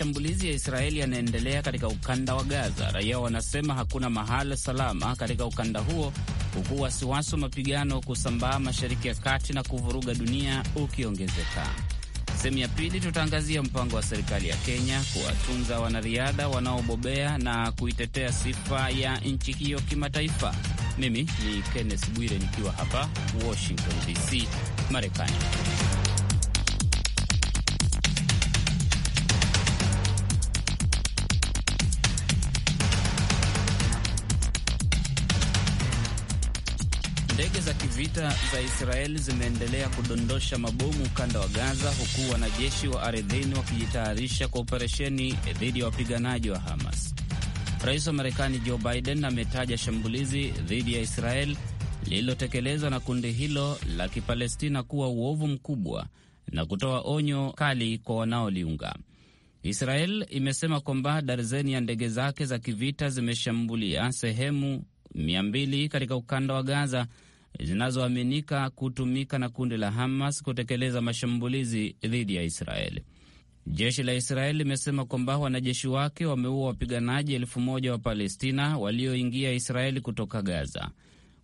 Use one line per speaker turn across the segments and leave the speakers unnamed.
mashambulizi ya Israeli yanaendelea katika ukanda wa Gaza, raia wanasema hakuna mahala salama katika ukanda huo, huku wasiwasi wa mapigano kusambaa mashariki ya kati na kuvuruga dunia ukiongezeka. Sehemu ya pili tutaangazia mpango wa serikali ya Kenya kuwatunza wanariadha wanaobobea na kuitetea sifa ya nchi hiyo kimataifa. Mimi ni Kenneth Bwire nikiwa hapa Washington DC, Marekani. Ndege za kivita za Israeli zimeendelea kudondosha mabomu ukanda wa Gaza, huku wanajeshi wa ardhini wakijitayarisha kwa operesheni dhidi ya wapiganaji wa Hamas. Rais wa Marekani Joe Biden ametaja shambulizi dhidi ya Israel lililotekelezwa na kundi hilo la Kipalestina kuwa uovu mkubwa na kutoa onyo kali kwa wanaoliunga. Israel imesema kwamba darzeni ya ndege zake za kivita zimeshambulia sehemu 200 katika ukanda wa Gaza zinazoaminika kutumika na kundi la Hamas kutekeleza mashambulizi dhidi ya Israeli. Jeshi la Israeli limesema kwamba wanajeshi wake wameua wapiganaji elfu moja wa Palestina walioingia Israeli kutoka Gaza.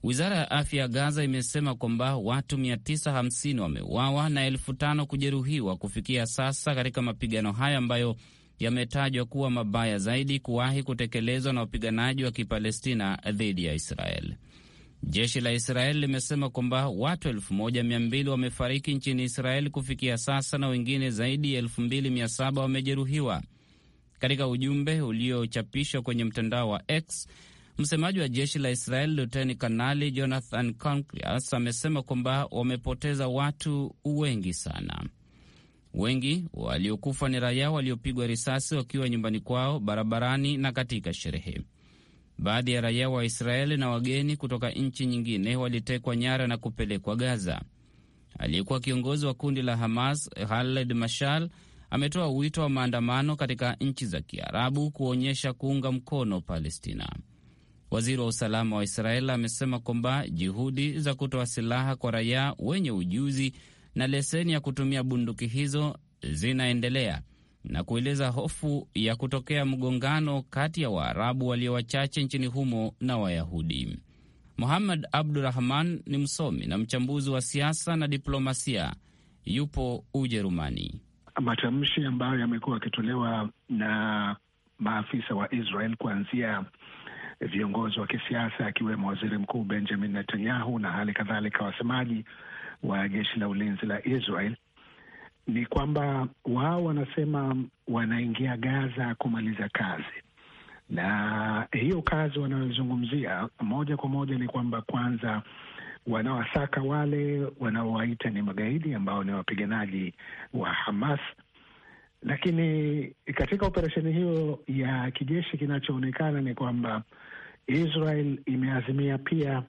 Wizara ya afya ya Gaza imesema kwamba watu 950 wameuawa na elfu tano kujeruhiwa kufikia sasa katika mapigano hayo ambayo yametajwa kuwa mabaya zaidi kuwahi kutekelezwa na wapiganaji wa Kipalestina dhidi ya Israeli. Jeshi la Israeli limesema kwamba watu 1200 wamefariki nchini Israeli kufikia sasa na wengine zaidi ya 2700 wamejeruhiwa. Katika ujumbe uliochapishwa kwenye mtandao wa X, msemaji wa jeshi la Israeli Luteni Kanali Jonathan Concrias amesema kwamba wamepoteza watu wengi sana. Wengi waliokufa ni raia waliopigwa risasi wakiwa nyumbani kwao, barabarani na katika sherehe. Baadhi ya raia wa Israeli na wageni kutoka nchi nyingine walitekwa nyara na kupelekwa Gaza. Aliyekuwa kiongozi wa kundi la Hamas Khaled Mashal ametoa wito wa maandamano katika nchi za Kiarabu kuonyesha kuunga mkono Palestina. Waziri wa usalama wa Israeli amesema kwamba juhudi za kutoa silaha kwa raia wenye ujuzi na leseni ya kutumia bunduki hizo zinaendelea na kueleza hofu ya kutokea mgongano kati ya Waarabu walio wachache nchini humo na Wayahudi. Muhammad Abdurahman ni msomi na mchambuzi wa siasa na diplomasia, yupo Ujerumani.
Matamshi ambayo yamekuwa yakitolewa na maafisa wa Israel kuanzia viongozi wa kisiasa akiwemo waziri mkuu Benjamin Netanyahu na hali kadhalika wasemaji wa jeshi la ulinzi la Israel ni kwamba wao wanasema wanaingia Gaza kumaliza kazi, na hiyo kazi wanayozungumzia moja kwa moja ni kwamba kwanza wanawasaka wale wanaowaita ni magaidi ambao ni wapiganaji wa Hamas, lakini katika operesheni hiyo ya kijeshi kinachoonekana ni kwamba Israel imeazimia pia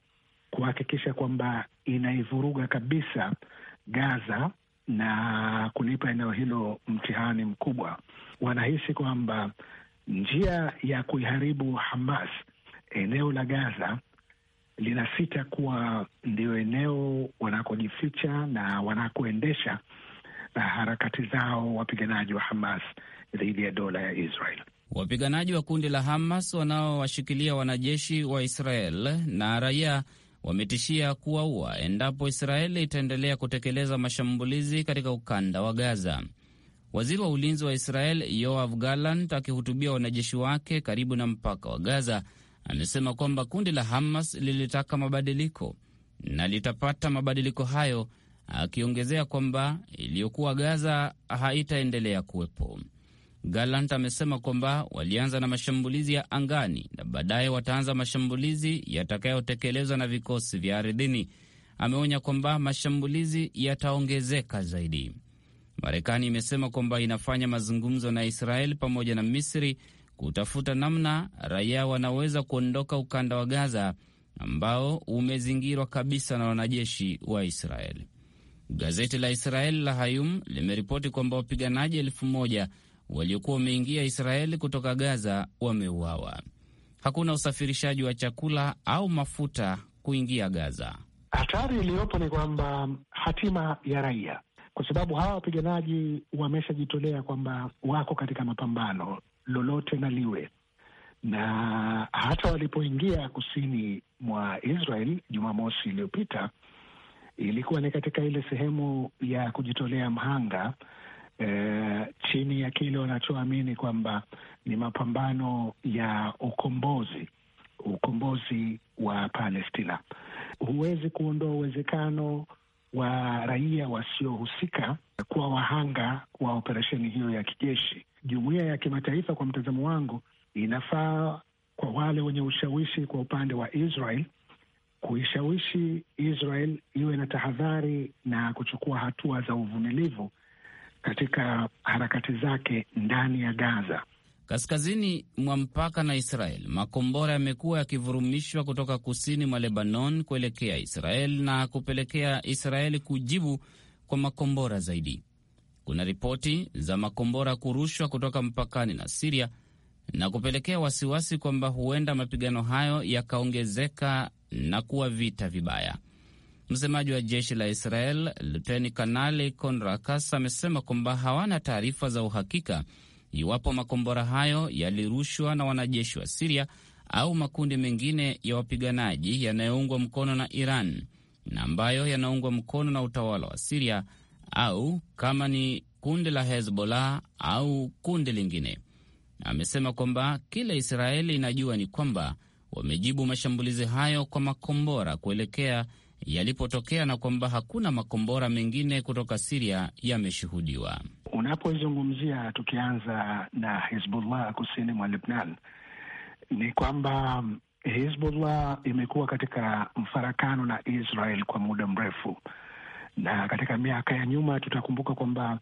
kuhakikisha kwamba inaivuruga kabisa Gaza na kunipa eneo hilo mtihani mkubwa. Wanahisi kwamba njia ya kuiharibu Hamas, eneo la Gaza linasita kuwa ndio eneo wanakojificha na wanakoendesha harakati zao wapiganaji wa Hamas dhidi ya dola ya Israel.
Wapiganaji wa kundi la Hamas wanaowashikilia wanajeshi wa Israel na raia wametishia kuwaua endapo Israeli itaendelea kutekeleza mashambulizi katika ukanda wa Gaza. Waziri wa ulinzi wa Israel Yoav Gallant akihutubia wanajeshi wake karibu na mpaka wa Gaza amesema kwamba kundi la Hamas lilitaka mabadiliko na litapata mabadiliko hayo, akiongezea kwamba iliyokuwa Gaza haitaendelea kuwepo. Gallant amesema kwamba walianza na mashambulizi ya angani na baadaye wataanza mashambulizi yatakayotekelezwa na vikosi vya ardhini. Ameonya kwamba mashambulizi yataongezeka zaidi. Marekani imesema kwamba inafanya mazungumzo na Israeli pamoja na Misri kutafuta namna raia wanaweza kuondoka ukanda wa Gaza ambao umezingirwa kabisa na wanajeshi wa israel Gazeti la israel la Hayum limeripoti kwamba wapiganaji elfu moja waliokuwa wameingia Israeli kutoka Gaza wameuawa. Hakuna usafirishaji wa chakula au mafuta kuingia Gaza.
Hatari iliyopo ni kwamba hatima ya raia, kwa sababu hawa wapiganaji wameshajitolea kwamba wako katika mapambano lolote na liwe na hata walipoingia kusini mwa Israel Jumamosi iliyopita, ilikuwa ni katika ile sehemu ya kujitolea mhanga eh, chini ya kile wanachoamini kwamba ni mapambano ya ukombozi, ukombozi wa Palestina. Huwezi kuondoa uwezekano wa raia wasiohusika kuwa wahanga wa operesheni hiyo ya kijeshi. Jumuiya ya kimataifa, kwa mtazamo wangu, inafaa kwa wale wenye ushawishi kwa upande wa Israel kuishawishi Israel iwe na tahadhari na kuchukua hatua za uvumilivu katika
harakati zake ndani ya Gaza. Kaskazini mwa mpaka na Israel, makombora yamekuwa yakivurumishwa kutoka kusini mwa Lebanon kuelekea Israel na kupelekea Israeli kujibu kwa makombora zaidi. Kuna ripoti za makombora kurushwa kutoka mpakani na Siria na kupelekea wasiwasi kwamba huenda mapigano hayo yakaongezeka na kuwa vita vibaya. Msemaji wa jeshi la Israel luteni kanali Konra Kas amesema kwamba hawana taarifa za uhakika iwapo makombora hayo yalirushwa na wanajeshi wa Siria au makundi mengine ya wapiganaji yanayoungwa mkono na Iran na ambayo yanaungwa mkono na utawala wa Siria au kama ni kundi la Hezbollah au kundi lingine. Amesema kwamba kile Israeli inajua ni kwamba wamejibu mashambulizi hayo kwa makombora kuelekea yalipotokea na kwamba hakuna makombora mengine kutoka Siria yameshuhudiwa.
unapozungumzia tukianza na Hizbullah kusini mwa Lebnan, ni kwamba Hizbullah imekuwa katika mfarakano na Israel kwa muda mrefu, na katika miaka ya nyuma tutakumbuka kwamba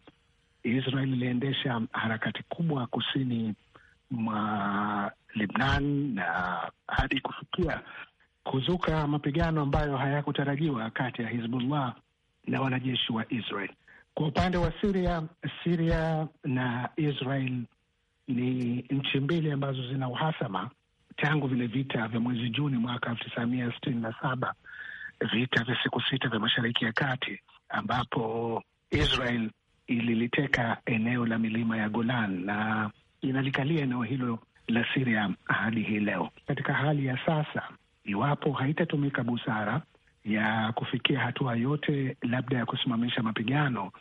Israel iliendesha harakati kubwa kusini mwa Lebnan na hadi kufikia kuzuka mapigano ambayo hayakutarajiwa kati ya Hizbullah na wanajeshi wa Israel. Kwa upande wa Siria, Siria na Israel ni nchi mbili ambazo zina uhasama tangu vile vita vya mwezi Juni mwaka elfu tisa mia sitini na saba, vita vya siku sita vya Mashariki ya Kati, ambapo Israel ililiteka eneo la milima ya Golan na inalikalia eneo hilo la Siria hadi hii leo. Katika hali ya sasa iwapo haitatumika busara ya kufikia hatua yote, labda ya kusimamisha mapigano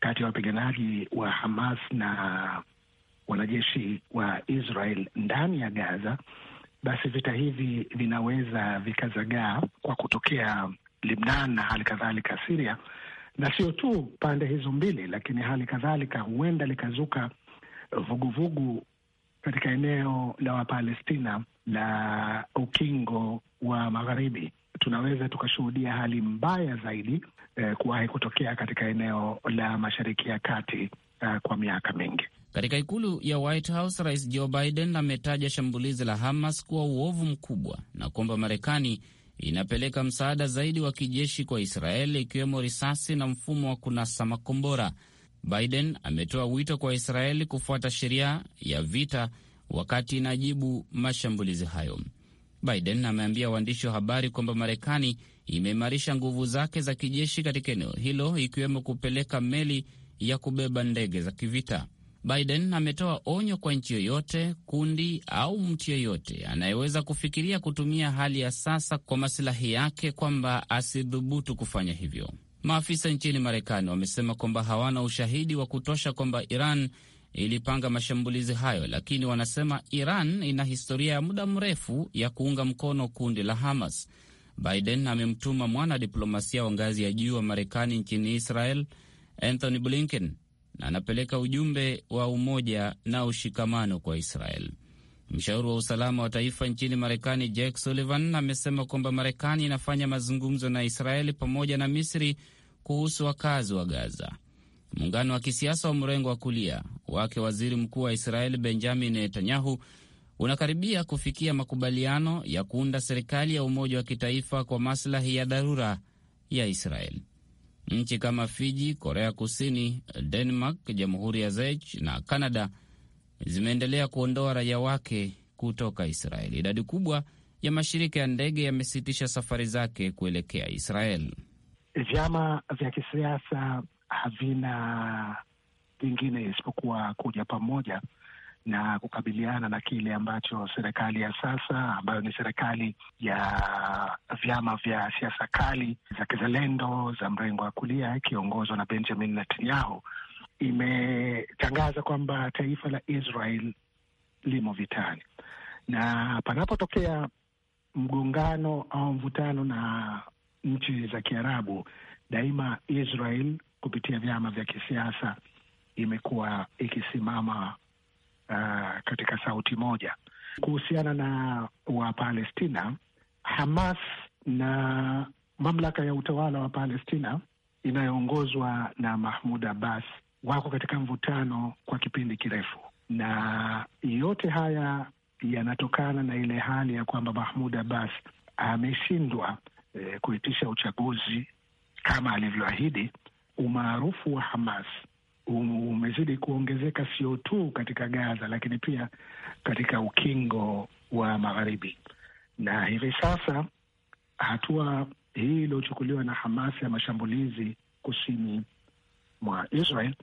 kati ya wapiganaji wa Hamas na wanajeshi wa Israel ndani ya Gaza, basi vita hivi vinaweza vikazagaa kwa kutokea Libnan na hali kadhalika Siria, na sio tu pande hizo mbili, lakini hali kadhalika huenda likazuka vuguvugu katika eneo la Wapalestina la ukingo wa Magharibi, tunaweza tukashuhudia hali mbaya zaidi eh, kuwahi kutokea katika eneo la Mashariki ya Kati eh,
kwa miaka mingi. Katika ikulu ya White House, Rais Joe Biden ametaja shambulizi la Hamas kuwa uovu mkubwa na kwamba Marekani inapeleka msaada zaidi wa kijeshi kwa Israel, ikiwemo risasi na mfumo wa kunasa makombora. Biden ametoa wito kwa Israeli kufuata sheria ya vita wakati inajibu mashambulizi hayo. Biden ameambia waandishi wa habari kwamba Marekani imeimarisha nguvu zake za kijeshi katika eneo hilo, ikiwemo kupeleka meli ya kubeba ndege za kivita. Biden ametoa onyo kwa nchi yoyote, kundi au mtu yoyote anayeweza kufikiria kutumia hali ya sasa kwa masilahi yake kwamba asidhubutu kufanya hivyo. Maafisa nchini Marekani wamesema kwamba hawana ushahidi wa kutosha kwamba Iran ilipanga mashambulizi hayo, lakini wanasema Iran ina historia ya muda mrefu ya kuunga mkono kundi la Hamas. Biden amemtuma mwanadiplomasia wa ngazi ya juu wa Marekani nchini Israel, Anthony Blinken, na anapeleka ujumbe wa umoja na ushikamano kwa Israel. Mshauri wa usalama wa taifa nchini Marekani Jake Sullivan amesema kwamba Marekani inafanya mazungumzo na Israeli pamoja na Misri kuhusu wakazi wa Gaza. Muungano wa kisiasa wa mrengo wa kulia wake waziri mkuu wa Israeli Benjamin Netanyahu unakaribia kufikia makubaliano ya kuunda serikali ya umoja wa kitaifa kwa maslahi ya dharura ya Israeli. Nchi kama Fiji, Korea Kusini, Denmark, jamhuri ya Czech na canada zimeendelea kuondoa raia wake kutoka Israeli. Idadi kubwa ya mashirika ya ndege yamesitisha safari zake kuelekea Israel.
Vyama vya kisiasa havina vingine isipokuwa kuja pamoja na kukabiliana na kile ambacho serikali ya sasa ambayo ni serikali ya vyama vya siasa kali za kizalendo za mrengo wa kulia ikiongozwa na Benjamin Netanyahu imetangaza kwamba taifa la Israel limo vitani, na panapotokea mgongano au mvutano na nchi za Kiarabu, daima Israel kupitia vyama vya kisiasa imekuwa ikisimama uh, katika sauti moja. Kuhusiana na Wapalestina, Hamas na mamlaka ya utawala wa Palestina inayoongozwa na Mahmud Abbas wako katika mvutano kwa kipindi kirefu, na yote haya yanatokana na ile hali ya kwamba Mahmud Abbas ameshindwa e, kuitisha uchaguzi kama alivyoahidi. Umaarufu wa Hamas umezidi kuongezeka, sio tu katika Gaza, lakini pia katika ukingo wa Magharibi, na hivi sasa hatua hii iliyochukuliwa na Hamas ya mashambulizi kusini mwa Israel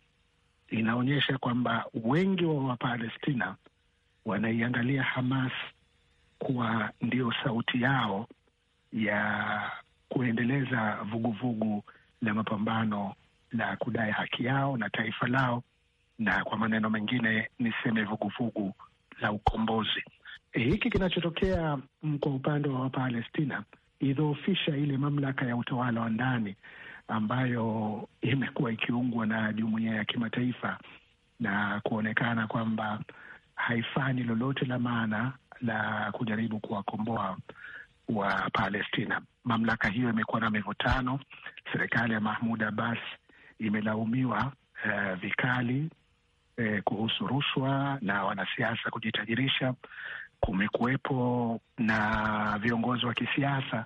inaonyesha kwamba wengi wa Wapalestina wanaiangalia Hamas kuwa ndio sauti yao ya kuendeleza vuguvugu vugu la mapambano la kudai haki yao na taifa lao, na kwa maneno mengine niseme vuguvugu vugu la ukombozi. Hiki kinachotokea kwa upande wa Wapalestina idhoofisha ile mamlaka ya utawala wa ndani ambayo imekuwa ikiungwa na jumuiya ya kimataifa na kuonekana kwamba haifanyi lolote la maana la kujaribu kuwakomboa wa Palestina. Mamlaka hiyo imekuwa na mivutano. Serikali ya Mahmud Abbas imelaumiwa uh, vikali uh, kuhusu rushwa na wanasiasa kujitajirisha. Kumekuwepo na viongozi wa kisiasa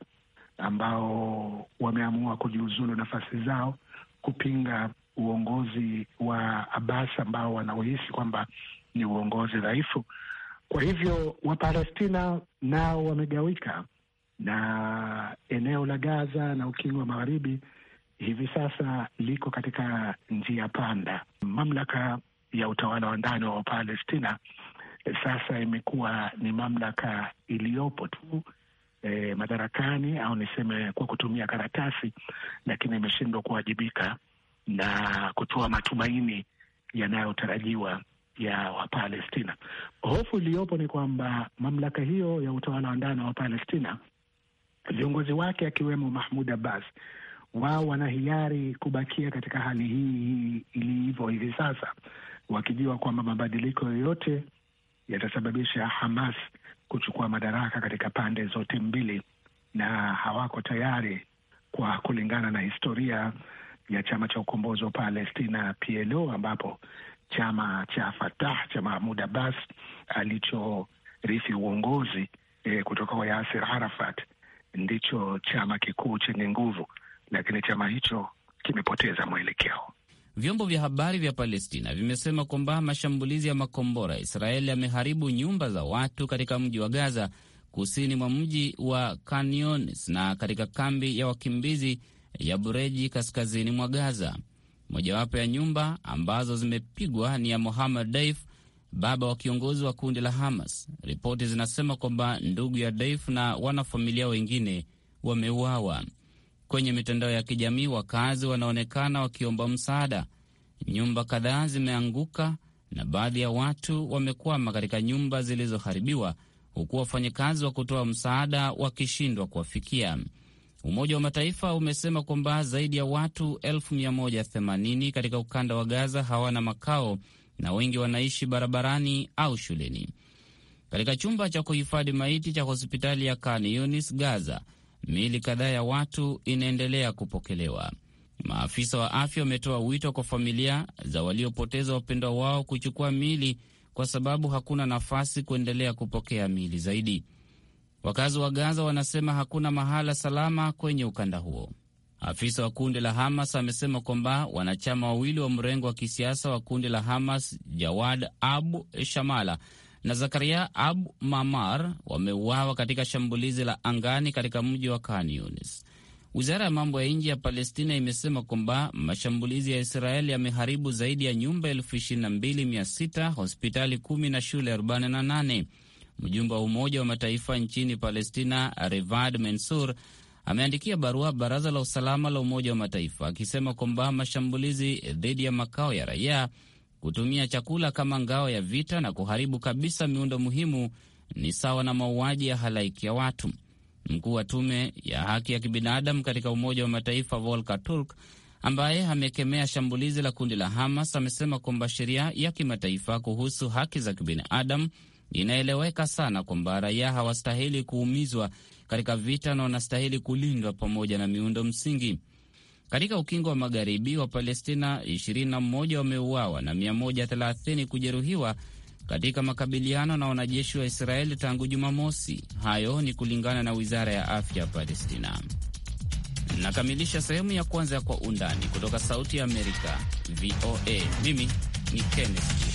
ambao wameamua kujiuzulu nafasi zao kupinga uongozi wa Abbas ambao wanaohisi kwamba ni uongozi dhaifu. Kwa hivyo Wapalestina nao wamegawika, na eneo la Gaza na Ukingo wa Magharibi hivi sasa liko katika njia panda. Mamlaka ya utawala wa ndani wa Wapalestina sasa imekuwa ni mamlaka iliyopo tu e, madarakani au niseme kwa kutumia karatasi, lakini imeshindwa kuwajibika na kutoa matumaini yanayotarajiwa ya Wapalestina. Hofu iliyopo ni kwamba mamlaka hiyo ya utawala wa ndani wa Palestina, viongozi wake akiwemo Mahmud Abbas, wao wana hiari kubakia katika hali hii ilivyo hivi sasa, wakijua kwamba mabadiliko yoyote yatasababisha Hamas kuchukua madaraka katika pande zote mbili, na hawako tayari kwa kulingana na historia ya chama cha ukombozi wa Palestina PLO, ambapo chama cha Fatah cha Mahmud Abbas alichorithi uongozi eh, kutoka kwa Yasir Arafat ndicho chama kikuu chenye nguvu, lakini chama hicho kimepoteza mwelekeo.
Vyombo vya habari vya Palestina vimesema kwamba mashambulizi ya makombora ya Israeli yameharibu nyumba za watu katika mji wa Gaza, kusini mwa mji wa Khan Younis na katika kambi ya wakimbizi ya Bureji, kaskazini mwa Gaza. Mojawapo ya nyumba ambazo zimepigwa ni ya Mohammed Daif, baba wa kiongozi wa kundi la Hamas. Ripoti zinasema kwamba ndugu ya Daif na wanafamilia wengine wameuawa. Kwenye mitandao ya kijamii, wakazi wanaonekana wakiomba msaada. Nyumba kadhaa zimeanguka na baadhi ya watu wamekwama katika nyumba zilizoharibiwa, huku wafanyakazi wa kutoa msaada wakishindwa kuwafikia. Umoja wa Mataifa umesema kwamba zaidi ya watu 180 katika ukanda wa Gaza hawana makao na wengi wanaishi barabarani au shuleni. Katika chumba cha kuhifadhi maiti cha hospitali ya Khan Gaza, miili kadhaa ya watu inaendelea kupokelewa. Maafisa wa afya wametoa wito kwa familia za waliopoteza wapendwa wao kuchukua miili kwa sababu hakuna nafasi kuendelea kupokea miili zaidi. Wakazi wa Gaza wanasema hakuna mahala salama kwenye ukanda huo. Afisa wa kundi la Hamas amesema kwamba wanachama wawili wa mrengo wa kisiasa wa kundi la Hamas, Jawad Abu Shamala na Zakaria Ab Mamar wameuawa katika shambulizi la angani katika mji wa Khan Wizara ya mambo ya nje ya Palestina imesema kwamba mashambulizi ya Israeli yameharibu zaidi ya nyumba 226 hospitali 1 na shule 48. Mjumbe wa Umoja wa Mataifa nchini Palestina Revad Mensur ameandikia barua Baraza la Usalama la Umoja wa Mataifa akisema kwamba mashambulizi dhidi ya makao ya raia kutumia chakula kama ngao ya vita na kuharibu kabisa miundo muhimu ni sawa na mauaji ya halaiki ya watu. Mkuu wa tume ya haki ya kibinadamu katika Umoja wa Mataifa Volker Turk, ambaye amekemea shambulizi la kundi la Hamas, amesema kwamba sheria ya kimataifa kuhusu haki za kibinadamu inaeleweka sana, kwamba raia hawastahili kuumizwa katika vita na wanastahili kulindwa pamoja na miundo msingi. Katika ukingo wa magharibi wa Palestina, 21 wameuawa na 130 kujeruhiwa katika makabiliano na wanajeshi wa Israeli tangu Jumamosi. Hayo ni kulingana na wizara ya afya ya Palestina. Nakamilisha sehemu ya kwanza ya Kwa Undani kutoka Sauti ya Amerika, VOA. Mimi ni Kenneth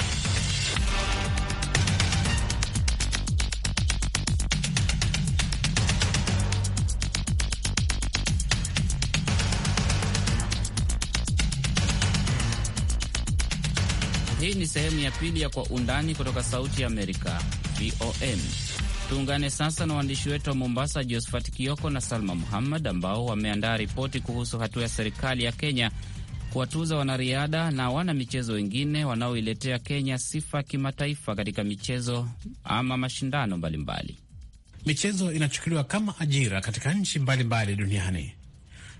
Hii ni sehemu ya pili ya Kwa Undani kutoka Sauti ya Amerika, VOM. Tuungane sasa na waandishi wetu wa Mombasa, Josphat Kioko na Salma Muhammad, ambao wameandaa ripoti kuhusu hatua ya serikali ya Kenya kuwatuza wanariadha na wana michezo wengine wanaoiletea Kenya sifa kimataifa katika michezo ama mashindano mbalimbali mbali.
Michezo inachukuliwa kama ajira katika nchi mbalimbali duniani.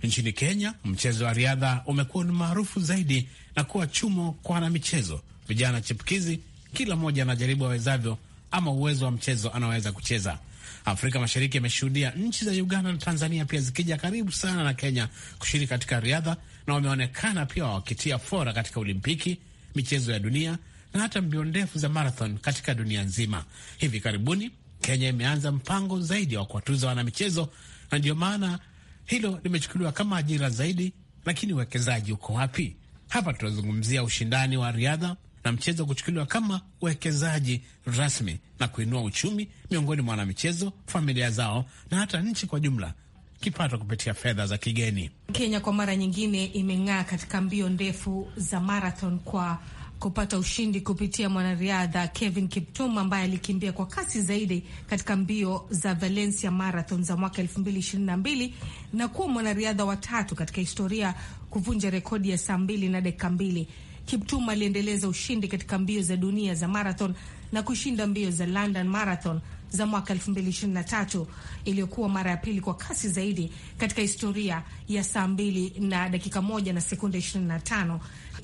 Nchini Kenya, mchezo wa riadha umekuwa ni maarufu zaidi na kuwa chumo kwa wanamichezo Vijana chipukizi, kila mmoja anajaribu awezavyo, ama uwezo wa mchezo anaweza kucheza. Afrika Mashariki imeshuhudia nchi za Uganda na Tanzania pia zikija karibu sana na Kenya kushiriki katika riadha, na wameonekana pia wakitia fora katika Olimpiki, michezo ya dunia na hata mbio ndefu za marathon katika dunia nzima. Hivi karibuni Kenya imeanza mpango zaidi wa kuwatuza wanamichezo, na ndio maana hilo limechukuliwa kama ajira zaidi. Lakini uwekezaji uko wapi? Hapa tunazungumzia ushindani wa riadha na mchezo kuchukuliwa kama uwekezaji rasmi na kuinua uchumi miongoni mwa wanamichezo, familia zao na hata nchi kwa jumla kipato kupitia fedha za kigeni.
Kenya kwa mara nyingine imeng'aa katika mbio ndefu za marathon kwa kupata ushindi kupitia mwanariadha Kevin Kiptum ambaye alikimbia kwa kasi zaidi katika mbio za Valencia Marathon za mwaka 2022 na kuwa mwanariadha wa tatu katika historia kuvunja rekodi ya saa 2 na dakika mbili. Kiptum aliendeleza ushindi katika mbio za dunia za marathon na kushinda mbio za London Marathon za mwaka 2023 iliyokuwa mara ya pili kwa kasi zaidi katika historia ya saa 2 na dakika 1 na sekunde 25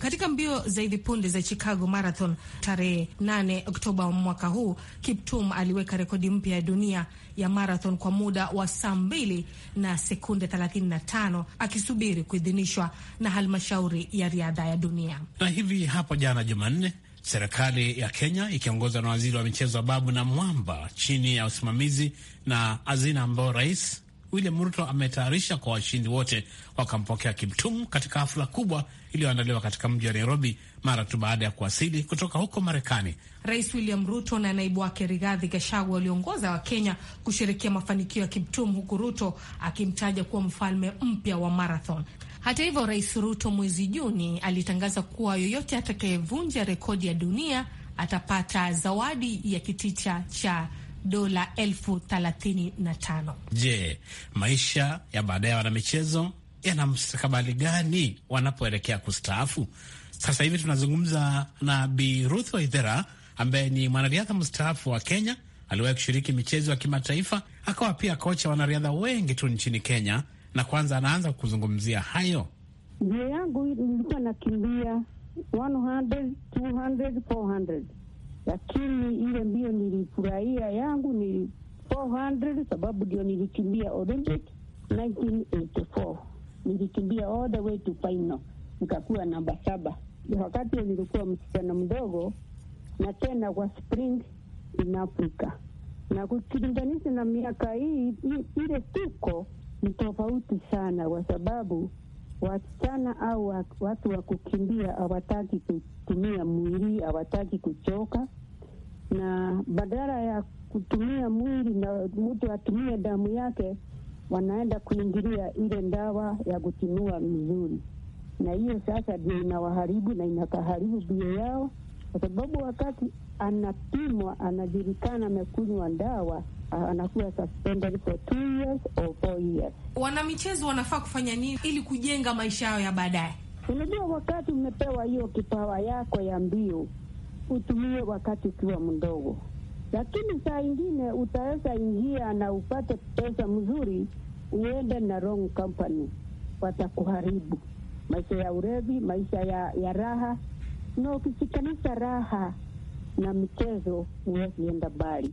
katika mbio za hivi punde za Chicago Marathon tarehe 8 Oktoba mwaka huu, Kiptum aliweka rekodi mpya ya dunia ya marathon kwa muda wa saa mbili na sekunde 35 akisubiri kuidhinishwa na halmashauri ya riadha ya dunia.
Na hivi hapo jana Jumanne, serikali ya Kenya ikiongozwa na waziri wa michezo Babu na Mwamba chini ya usimamizi na hazina ambao rais William Ruto ametayarisha kwa washindi wote wakampokea Kiptum katika hafla kubwa iliyoandaliwa katika mji wa Nairobi mara tu baada ya kuwasili kutoka huko Marekani.
Rais William Ruto na naibu wake Rigathi Gachagua waliongoza Wakenya kusherekea mafanikio ya Kiptum, huku Ruto akimtaja kuwa mfalme mpya wa marathon. Hata hivyo, Rais Ruto mwezi Juni alitangaza kuwa yoyote atakayevunja rekodi ya dunia atapata zawadi ya kitita cha dola elfu thelathini na tano.
Je, maisha ya baadaye ya wanamichezo yana mstakabali gani wanapoelekea kustaafu? Sasa hivi tunazungumza na Bi Ruth Waithera ambaye ni mwanariadha mstaafu wa Kenya. Aliwahi kushiriki michezo ya kimataifa, akawa pia kocha wanariadha wengi tu nchini Kenya, na kwanza anaanza kuzungumzia hayo.
Mbio yangu nilikuwa nakimbia 100, 200, 400 lakini ile mbio nilifurahia yangu ni 400 sababu ndio nilikimbia Olympic 1984 nilikimbia all the way to final nikakuwa namba saba. Wakati nilikuwa msichana mdogo, na tena kwa spring in Africa, na kukilinganisha na miaka hii ile tuko ni tofauti sana, kwa sababu wasichana au watu wa kukimbia hawataki kutumia mwili, hawataki kuchoka, na badala ya kutumia mwili na mtu atumie damu yake, wanaenda kuingilia ile ndawa ya kutimua mzuri, na hiyo sasa ndio inawaharibu na inakaharibu bio yao kwa sababu wakati anapimwa anajulikana amekunywa dawa anakuwa suspended for two years or four years.
Wanamichezo wanafaa kufanya nini ili kujenga maisha yao ya baadaye?
Unajua, wakati umepewa hiyo kipawa yako ya mbio utumie wakati ukiwa mdogo, lakini saa ingine utaweza ingia na upate pesa mzuri, uende na wrong company, watakuharibu maisha ya urevi, maisha ya, ya raha na ukishikanisa raha na mchezo huwezi mbali.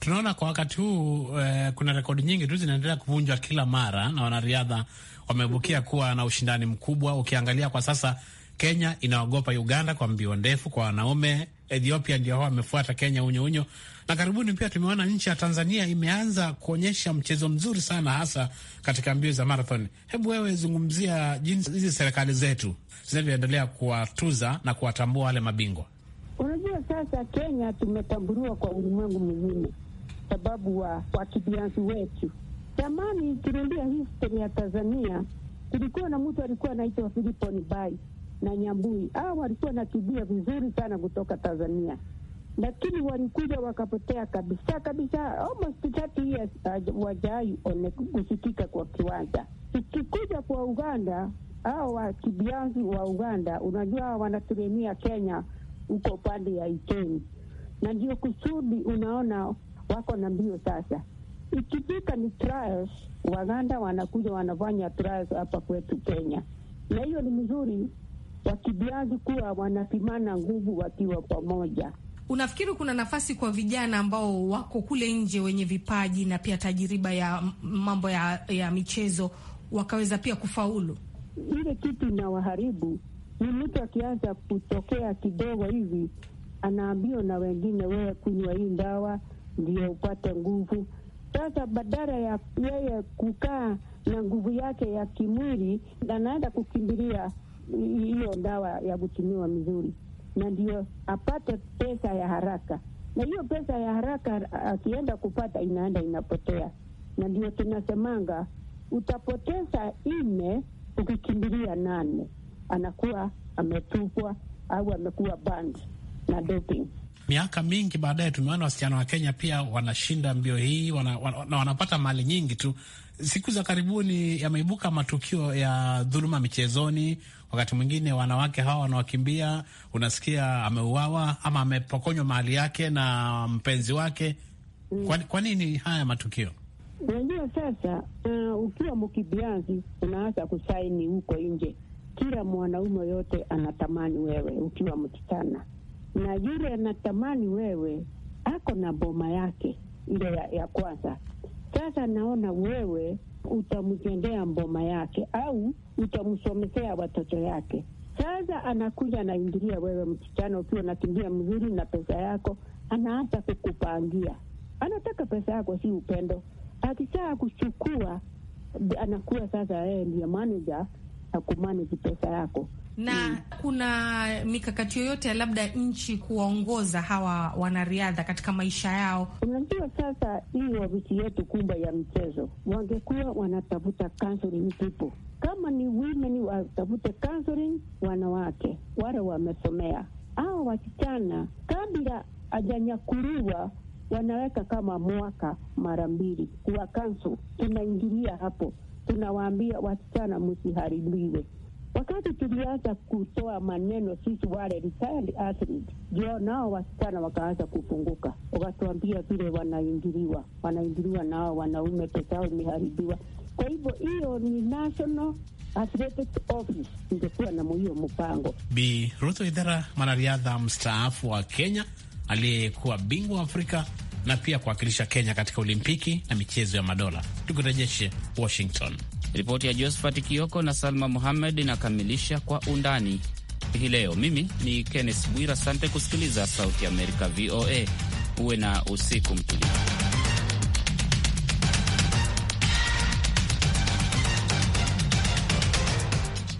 Tunaona kwa wakati huu eh, kuna rekodi nyingi tu zinaendelea kuvunjwa kila mara na wanariadha wamebukia kuwa na ushindani mkubwa. Ukiangalia kwa sasa, Kenya inaogopa Uganda kwa mbio ndefu kwa wanaume Ethiopia ndio hao wamefuata Kenya unyo unyo, na karibuni pia tumeona nchi ya Tanzania imeanza kuonyesha mchezo mzuri sana, hasa katika mbio za marathon. Hebu wewe zungumzia jinsi hizi serikali zetu zinavyoendelea kuwatuza na kuwatambua wale mabingwa.
Unajua, sasa Kenya tumetambuliwa kwa ulimwengu mzima sababu wa wakimbiazi wetu. Zamani turudia history ya Tanzania, kulikuwa na mtu alikuwa anaitwa Filipo Nibai na Nyambui. Hawa walikuwa nakimbia vizuri sana kutoka Tanzania, lakini walikuja wakapotea kabisa kabisa, almost thirty years uh, kusikika kwa kiwanja. Ikikuja kwa Uganda, hawa wakibianzi wa Uganda, unajua wanaturemia Kenya huko upande ya Ikeni, na ndio kusudi unaona wako na mbio sasa. Ikifika ni trials, Waganda wanakuja wanafanya trials hapa kwetu Kenya, na hiyo ni mzuri wakibiazi kuwa wanapimana nguvu wakiwa pamoja.
Unafikiri kuna nafasi kwa vijana ambao wako kule nje wenye vipaji na pia tajiriba ya mambo ya, ya michezo wakaweza pia kufaulu?
Ile kitu inawaharibu ni mtu akianza kutokea kidogo hivi, anaambiwa na wengine, wewe kunywa hii ndawa ndio upate nguvu. Sasa badala ya yeye kukaa na nguvu yake ya kimwili, anaenda kukimbilia hiyo dawa ya kutumiwa mzuri, na ndio apate pesa ya haraka, na hiyo pesa ya haraka akienda kupata inaenda inapotea, na ndio tunasemanga utapoteza ine ukikimbilia nane, anakuwa ametupwa au amekuwa band na
doping. Miaka mingi baadaye tumeona wasichana wa Kenya pia wanashinda mbio hii wana, wana, wanapata mali nyingi tu Siku za karibuni yameibuka matukio ya dhuluma michezoni. Wakati mwingine wanawake hawa wanawakimbia, unasikia ameuawa ama amepokonywa mali yake na mpenzi wake. Mm. Kwa, kwa nini haya matukio?
Unajua sasa, uh, ukiwa mkimbiaji unaanza kusaini huko nje. Kila mwanaume yote anatamani wewe ukiwa msichana, na yule anatamani wewe ako na boma yake ile ya, ya kwanza sasa naona wewe utamjendea mboma yake au utamsomesea watoto yake. Sasa anakuja anaingilia, wewe msichana ukiwa unakimbia mzuri na pesa yako, anaanza kukupangia, anataka pesa yako, si upendo. akishaa kuchukua anakuwa sasa yeye ndiye manaja akumaniji pesa yako
na mm. kuna mikakati yoyote ya labda nchi
kuwaongoza hawa wanariadha katika maisha yao? Unajua, sasa hii ofisi yetu kubwa ya mchezo wangekuwa wanatafuta counseling people kama ni women watafute counseling wanawake wale wamesomea. Hawa wasichana kabla ajanyakuliwa wanaweka kama mwaka mara mbili kuwa kansu. Tunaingilia hapo, tunawaambia wasichana msiharibiwe Wakati tulianza kutoa maneno sisi wale retired ndio nao wasichana wakaanza kufunguka, wakatuambia vile wanaingiliwa, wanaingiliwa nao wanaume, pesa yao imeharibiwa. Kwa hivyo hiyo ni national na
Bi Ruth Ithera, mwanariadha mstaafu wa Kenya aliyekuwa bingwa Afrika na pia kuwakilisha Kenya katika Olimpiki
na michezo ya madola. Tukurejeshe Washington. Ripoti ya Josphat Kioko na Salma Muhammed inakamilisha kwa undani hii leo. Mimi ni Kenneth Bwira, asante kusikiliza Sauti ya Amerika VOA. Uwe na usiku mtulivu.